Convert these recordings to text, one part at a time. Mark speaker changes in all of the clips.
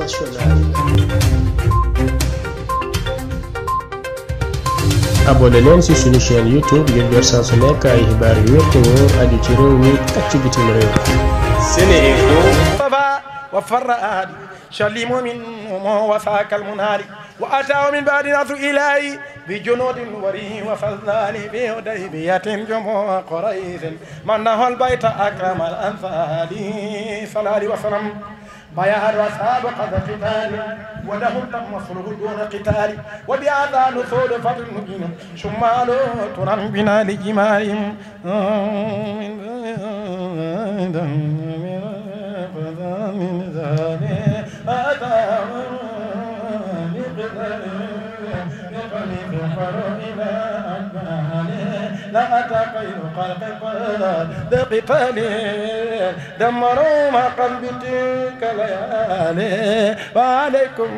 Speaker 1: internationale. abonné leen ci suñu chaîne youtube ngir jot saa su nekk ay xibaar yu wér te wóor aju ci réew mi ak ci bitim réew. SeneInfo. شل مؤمن وفاك المنار وأتاه من بعد نصر إلهي بجنود وري وفضلان بهديبية جموع قريش منه البيت أكرم الأنفال صلى الله عليه وسلم
Speaker 2: فيهل وأصحاب
Speaker 1: قذف قتال ولهم نصره دون قتال وبهذا نصول فضل مبين شمال ترم بنا لإمام من ذلك أتى من قبل فرق لقد قيل خلق بقبالي دمروا ما قلبي تلك ليالي وعليكم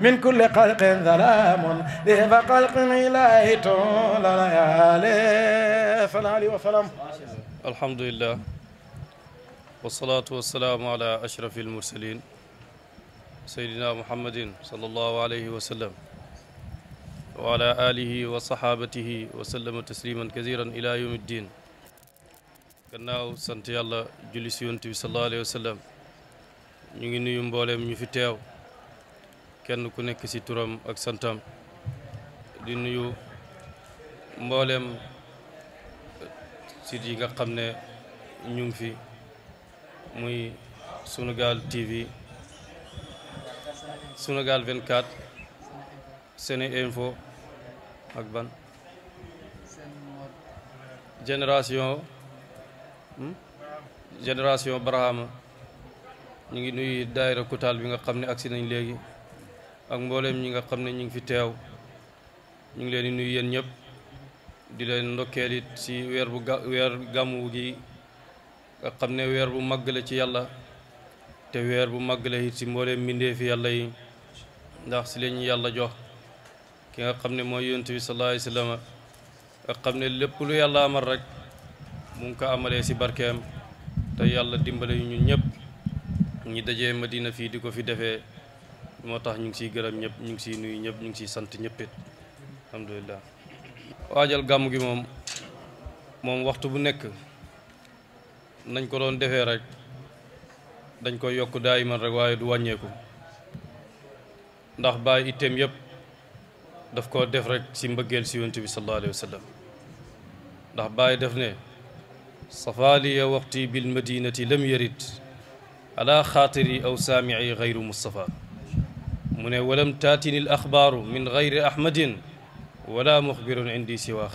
Speaker 1: من كل خلق ظلام ذهب خلق إلهي طول ليالي فلا علي وسلام الحمد لله والصلاة والسلام على أشرف المرسلين سيدنا محمد صلى الله عليه وسلم wa ala alihi wa sahaabatihi wa sallama tasliman kasiran ila yawmi ddin gannaaw sant yàlla julli si yonent bi wa sallam ñu ngi nuyu mbooleem ñu fi teew kenn ku nekk si turam ak santam di nuyu mbooleem sit yi nga xam ne ñu fi muy sunu Sunugal TV Sunugal 24 Sene Info ak ban génération hmm? génération Barhama ñu ngi nuyu daayira Kutaal bi nga xam ne si nañ léegi ak mbooleem ñi nga xam ne ñu ngi fi teew ñu ngi leen di nuyu yéen ñëpp di leen ndokkeel it si weer bu ga weer gàmmu gi nga xam ne weer bu màgg la ci yàlla te weer bu màgg la it si mbooleem mbindee fi yàlla yi ndax si lañu yàlla jox ki nga xam ne mooy yonent bi sallallahu alayhi xam ne lépp lu yàlla amal rek mu ngi ko amalee si barkeem te yàlla dimbale ñun ñëpp ñi dajee Madina fii di ko fi defee moo tax ñu ngi siy gërëm ñëpp ñu ngi siy nuyu ñëpp ñu ngi siy sant ñëpp it waajal gàmm gi moom moom waxtu bu nekk nañ ko doon defee rek dañ koy yokk daay man rek waaye du wàññeeku ndax bàyyi itteem yëpp. def koo def rek ci mbëggeel si yonent bi sallallahu alayhi wa sallam ndax Baay def ne safaaliya waxti bil madinati lam yarid ala xaatiri aw saamici gayru mustafa mu ne walam taatini l axbaaru min gayri ahmadin wala muxbirun indi siwa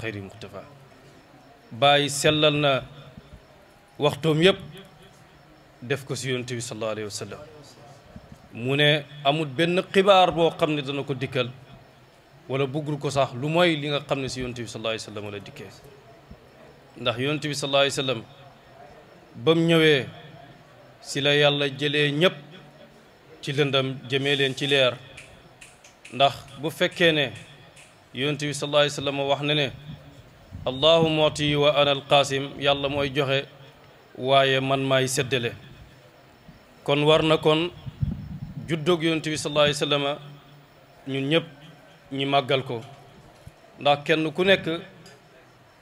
Speaker 1: waxtoom yépp def ko si yonent bi sallallahu alayhi wa sallam mu ne amul benn xibaar boo xam ne dana ko dikkal wala buggul ko sax lu mooy li nga xam ne si yoon bi sallallahu alayhi wa sallam la dikkee ndax yonent wi sallallahu alayhi wa sallam bam ñëwee si la yàlla jëlee ñëpp ci lëndam jëmee leen ci leer ndax bu fekkee ne yonent bi sallallahu alayhi wa sallam wax na ne allahu mooti wa ana alqaasim yàlla mooy joxe waaye man may seddale kon war na kon juddóog yonent wi sallallahu alayhi wa sallam ñun ñëpp ñi màggal ko ndax kenn ku nekk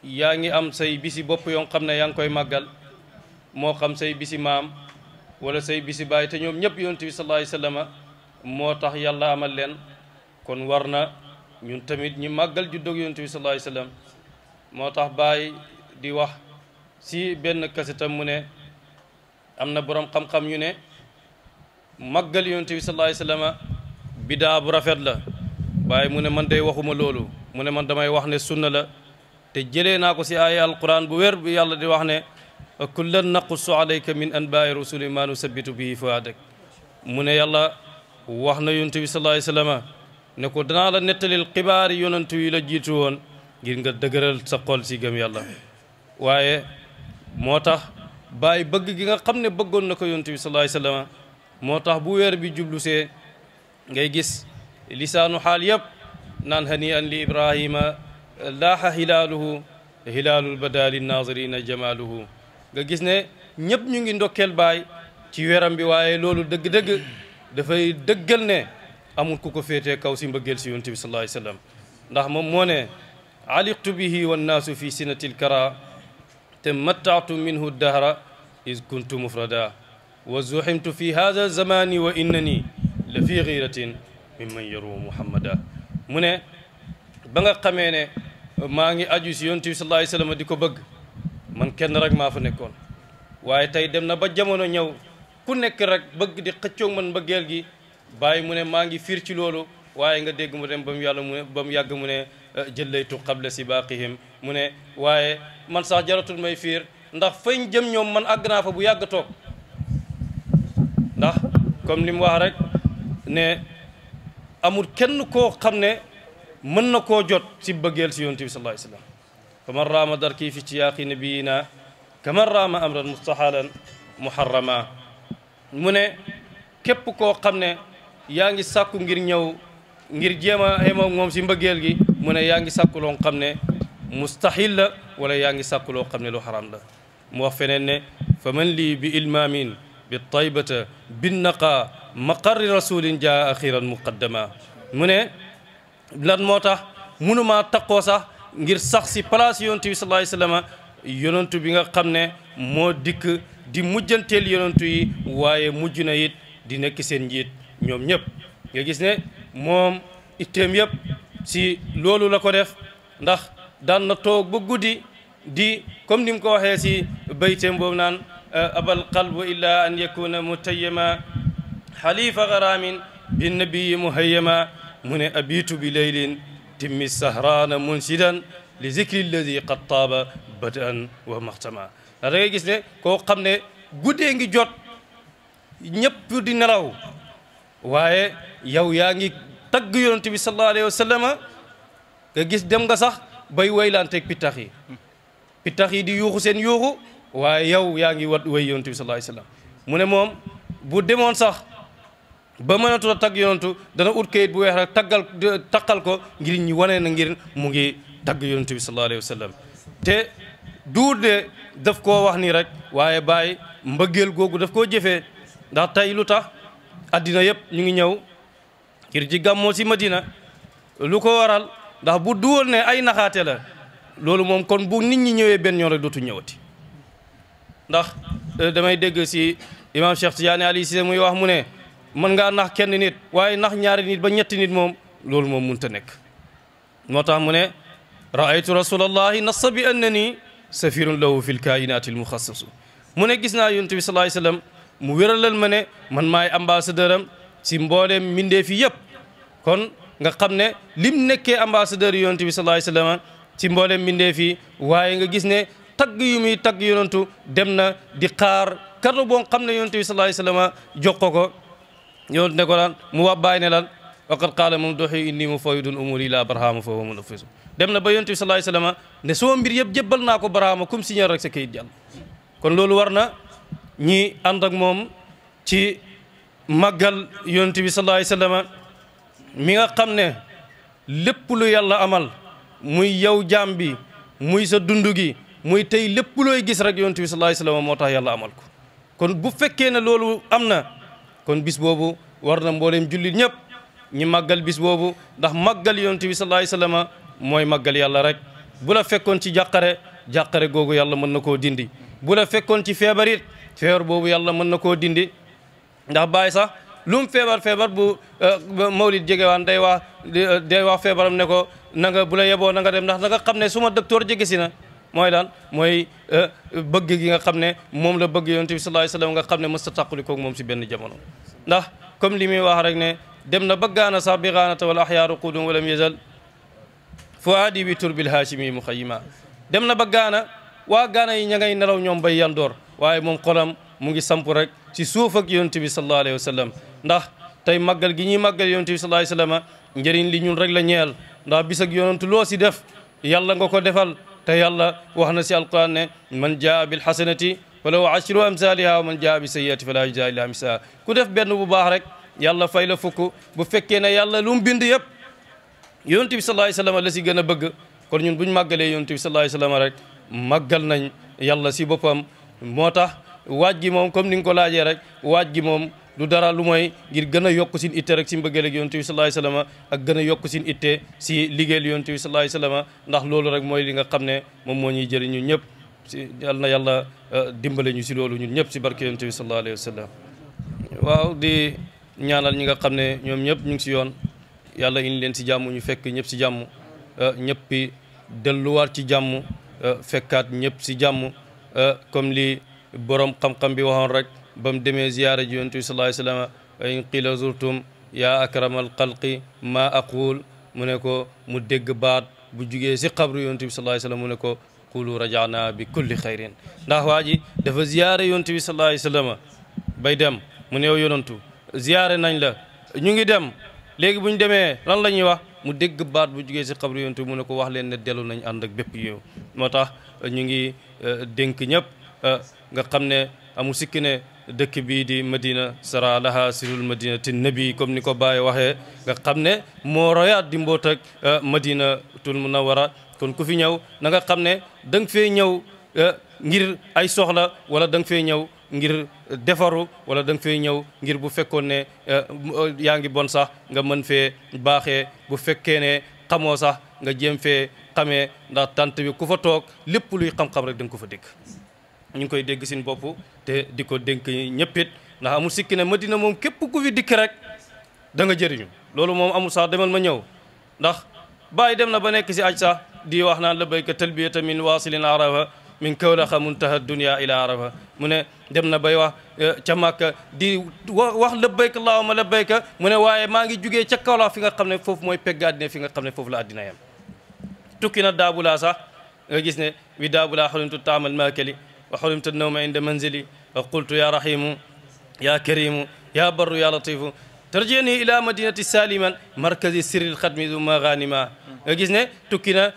Speaker 1: yaa ngi am say bisi bopp yoo xam ne yaa ngi koy màggal moo xam say bisi maam wala say bisi baay te ñoom ñëpp yonent bi sallallahu alayhi moo tax yàlla amal leen kon war na ñun tamit ñi màggal juddog yonent bi sallallahu alayhi moo tax baay di wax si benn kasetam mu ne am na boroom xam-xam yu ne màggal yonent bi sallallahu alayhi wasallam bidaa bu rafet la waaye mu ne man dey waxuma loolu mu ne man damay wax ne sunna la te jële naa ko si aaya alquran bu weer bi yàlla di wax ne kullan naqussu alayka min anbaai rusuli maa nusabbitu bihi fuadak mu ne yàlla wax na yonent bi sallallahu alayhi ne ko danaa la nettalil xibaar yonent yi la jiitu woon ngir nga dëgëral sa xol si gëm yàlla waaye moo tax bàyyi bëgg gi nga xam ne bëggoon na ko yontuwi bi sallallahu alayhi moo tax bu weer bi jublu see ngay gis lisaanu xaal yëpp naan hani an li ibrahima laaxa hilaaluhu hilaalul badaali naazirina jamaaluhu nga gis ne ñëpp ñu ngi ndokkeel baay ci weeram bi waaye loolu dëgg-dëgg dafay dëggal ne amul ku ko féetee kaw si mbëggeel si yonent bi sallallaahu alayhi wa sallam ndax moom moo ne aliqtu bihi wannaasu fi sinati lkara te mattaatu minhu dahra is kuntu mufrada wa zuximtu fi hada zamani wa innani la fi giratin mimman yaru muhammada mu ne ba nga xamee ne maa ngi aju si yonent bi sallallahu alayhi di ko bëgg man kenn rek maa fa nekkoon waaye tey dem na ba jamono ñëw ku nekk rek bëgg di xëccoog man mbëggeel gi bàyyi mu ne maa ngi fiir ci loolu waaye nga dégg mu dem ba mu yàlla mu ne ba mu yàgg mu ne jëllaytu qabla sibaqihim mu ne waaye man sax jaratul may fiir ndax fañ jëm ñoom man àgg naa fa bu yàgg toog ndax comme li mu wax rek ne amul kenn koo xam ne mën na koo jot ci bëggeel si yonent bi sallallahu alayhi wa sallam fa man raama darkii fi tiyaaqi nabiyina kaman raama amran mustahalan muharrama mu ne képp koo xam ne yaa ngi sàkku ngir ñëw ngir jéem a yemoo moom si mbëggeel gi mu ne yaa ngi sakku loo xam ne mustahil la wala yaa ngi sàkku loo xam ne lu xaram la mu wax fa man lii bi ilmaamin bi taybata bin naqa maqarri rasulin jaa axiran muqaddama mu ne lan moo tax munumaa takkoo sax ngir sax si place yonentu bi sallallahu alayhi wasallam bi nga xam ne moo dikk di mujjanteel yonentu yi waaye mujj na it di nekk seen njiit ñoom ñëpp nga gis ne moom itteem yëpp si loolu la ko def ndax daan na toog ba guddi di comme ni mu ko waxee si bayteem boobu naan abal qalbu illa an yakuna mutayyama xalifa garamin binnabiyi muhayyama mu ne abitu bi leylin timmi sahraana munsidan li zikri lladi qad taaba badan wa maxtama da ngay gis ne koo xam ne guddee ngi jot ñëpp di nelaw waaye yow yaa ngi tagg yonent bi sallallahu alayhi wa sallam nga gis dem nga sax bay waylanteeg pittax yi pittax di yuuxu seen yuuxu waaye yow yaa ngi wat way yonent bi sallallahu alayhi mu ne moom bu demoon sax ba mënatul a tagg yoontu dana ut kayit bu weex rek taggal ko ngir ñi wanee na ngir mu ngi tagg yonantu bi sallallahu alayhi wa sallam te duur de daf koo wax nii rek waaye bàyyi mbëggeel googu daf koo jëfee ndax tey lu tax addina yëpp ñu ngi ñëw ngir ji gàmmoo si madina lu ko waral ndax bu duwoon ne ay naxaate la loolu moom kon bu nit ñi ñëwee benn ñoo rek dootu ñëwati ndax euh, damay dégg si imam Cheikh Tidiane Ali Cissé muy wax mu ne mën ngaa nax kenn nit waaye nax ñaari ba ñetti nit moom loolu moom mënut ta nekk moo tax mu ne raaytu rasulallahi nassa bi annani safirun lahu fi lkaayinaati almuxassasu mu ne gis naa yonent bi salaai sallam mu wéralal ma ne man maay ambassadeur am si mbooleem mbindeef yi yëpp kon nga xam ne lim nekkee ambassadeur yonent bi salaai sallam ci mbooleem mbindeef yi waaye nga gis ne tagg yu muy tagg yonentu dem na di xaar kado boo xam ne yonent bi salaai sallam jox ko ko yonent ne ko lan mu wax bàyyi ne lan waqad qaala moom doxi inni mu fawidun umuri ila barahama fa huwa munaffisu dem na ba yonent bi sallallahu alayhi wasallam ne suma mbir naa ko barahama comme rek sa kayit kon loolu war na ñi ànd ak moom ci màggal yonent bi sallallahu alayhi wasallam mi nga xam ne lépp lu yàlla amal muy yow jaam bi muy sa dund gi muy tey lépp looy gis rek yonent bi sallallahu alayhi wasallam moo tax yàlla amal ko kon bu fekkee ne loolu kon bis boobu war na mbooleem jullit ñëpp ñu màggal bis boobu ndax màggal yonent bi sallallahu alayhi mooy màggal yàlla rek bu la fekkoon ci jàqare jàqare googu yàlla mën na koo dindi bu la fekkoon ci feebar it feebar boobu yàlla mën na koo dindi ndax bàyyi sax lu feebar feebar bu euh, mawlid jegewaan day wax euh, day wax feebaram ne ko na nga bu la yeboo na nga dem ndax na nga xam ne suma ma jege si na mooy lan mooy euh, bëgg gi nga xam ne moom la bëgg yonent bi sallallahu alayhi wasallam nga xam ne mësta kook moom si benn jamono ndax comme li muy wax rek ne dem na ba gaana sax bi gaanata wal axyaaru qudum walam yazal fuaadi bi turbil haashimi muxayima dem na ba gaana waa gaana yi ña ngay nelaw ñoom bay yandoor waaye moom xolam mu ngi samp rek ci suuf ak yonent bi sallallahu alayhi wasallam ndax tey màggal gi ñuy màggal yonent bi sallallahu alayhi wasallam njëriñ li ñun rek la ñeel ndax bisa ak yonentu loo si def te yàlla wax na si alquran ne man jaa bil xasanati falaw ashru amsaliha wa man jaa bi sayyiati fala yujza illa misaha ku def benn bu baax rek yàlla fay la fukk bu fekkee ne yàlla lu mu bind yëpp yonent bi sallallahu alayhi wasallam la si gën a bëgg kon ñun buñ màggalee yonent bi sallallahu alayhi wasallam rek màggal nañ yàlla si boppam moo tax waaj gi moom comme ni nga ko laajee rek waaj gi moom lu dara lu mooy ngir gën a yokk sin itte rek si mbëggeel ak yonent bi sallallahu alayhi wasallam ak gën a yokk sin itte si liggéey yonent bi sallallahu alayhi ndax loolu rek mooy li nga xam ne moom moo ñuy jëriñ ñun ñëpp si yal yàlla euh, dimbale ñu si loolu ñun ñëpp si barke yonent bi sallallahu waaw di ñaanal ñi nga xam ne ñoom ñëpp ñu ngi si yoon yàlla indi leen si jàmm ñu fekk ñëpp si jàmm ñëppi dëlluwaat ci jàmm euh, euh, fekkaat ñëpp si jàmm kom li borom xam-xam bi waxoon rek ba mu demee ziyaara ji yonent bi sallallahu alayhi wa sallam wa in qila zurtum yaa akramal xalqi ma aqul mu ne ko mu dégg baat bu jugee si xabru yonent bi sallallahu alayhi wa mu ne ko qulu rajaana bi kulli xayrin ndax waa ji dafa ziyaara yonent bi sallallahu alayhi wa bay dem mu ne yow yonontu ziyaare nañ la ñu ngi dem léegi bu ñu demee ran la ñuy wax mu dégg baat bu jugee si xabru yonent mu ne ko wax leen ne dellu nañ ànd ak bépp yow moo tax ñu ngi euh, dénk ñëpp euh, nga xam ne amu sikki dëkk bii di madina sara laha sirul madinati nabi comme ni ko Baye waxee nga xam ne moo royaat di mboot ak euh, madinatul munawara kon ku fi ñëw na nga xam ne da nga fee ñëw euh, ngir ay soxla wala da nga fee ñëw ngir defaru wala da fay ñëw ngir bu fekkoon ne euh, yaa ngi bon sax nga mën fee baaxee bu fekkee ne xamoo sax nga jéem fee xamee ndax tant bi ku fa toog lépp luy xam-xam rek da nga ko fa dégg ñu ngi koy dégg seen bopp te di ko dénk ñëpp it ndax amul sikki ne Madina moom képp ku fi dikk rek da nga jëriñu loolu moom amul sax demal ma ñëw ndax bàyyi dem na ba nekk si aj sax di wax naan la béyka talbiyata min waasilin arafa min kawlaxa muntaha dunia ila arafa mu ne dem na bay wax eh, ca màkka di wax labbayka allahuma labbayka mu ne waaye maa ngi jugee ca kawlax fi nga xam ne foofu mooy pegg àddina fi nga xam ne foofu la addina yam tukki na daabulaa sax gis ne wi daabulaa xalintu taamal maakali wa xurimta nawma inda manzili wa qultu ya rahimu ya karimu ya barru ya latifu tarjeni ila madinati saliman markazi sirril xatmi du maganima nga gis ne tukki na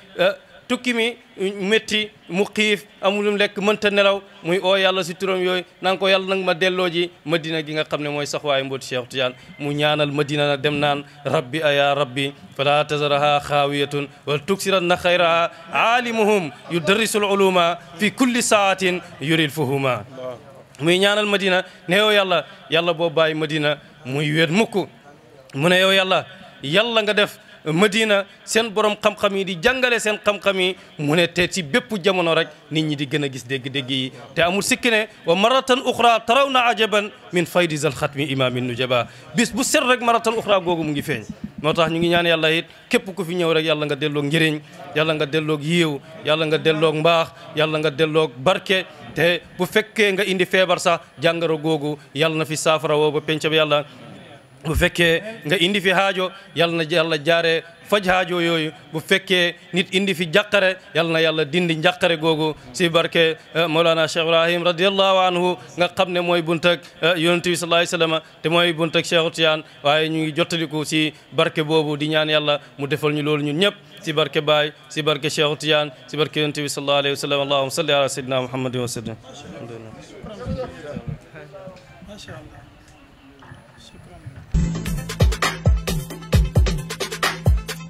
Speaker 1: tukki mi métti mu xiif amul lu lekk mënta nelaw muy oo yàlla si turam yooyu naan ko yàlla nag ma delloo ji madina gi nga xam ne mooy saxwaayu mbooti Cheikh Tidiane mu ñaanal madina na dem naan rabbi aya rabbi fala tazaraha xaawiyatun wal tuksiranna xayraha aalimuhum yudarrisul uluma fi kulli saatin yuril fuhuma muy ñaanal madina ne yow yàlla yàlla boo bàyyi madina muy wéet mukk mu ne yow yàlla nga def Madina seen borom xam-xam yi di jàngale seen xam-xam yi mu ne te ci bépp jamono rek nit ñi di gën a gis dégg-dégg yi te amul sikki ne wa maratan uxra taraw na ajaban min faydisal xatmi imaamin nujaba bis bu set rek maratan uxra googu mu ngi feeñ moo tax ñu ngi ñaan yàlla it képp ku fi ñëw rek yàlla nga delloog njëriñ yàlla nga delloog yiiw yàlla nga dellook mbaax yàlla nga delloog barke te bu fekkee nga indi feebar sax jàngoro googu yàlla na fi saafara woo ba penc bi bu fekkee nga indi fi haajo yal na yàlla jaare faj haajo yooyu bu fekkee nit indi fi jàqare yal na yàlla dindi njàqare googu si barke eh, Mawlana Cheikh Ibrahim radiyallahu anhu nga xam ne mooy buntak eh, yonent bi sallallahu alayhi te mooy buntak Cheikh Tiyaan waaye ñu ngi jottaliku si barke boobu di ñaan yàlla mu defal ñu loolu ñun ñëpp si barke Baay si barke Cheikh Tiyaan si barke yonent bi sallallahu alayhi wasallam allahumma salli ala sayyidina Muhammadin wa sallim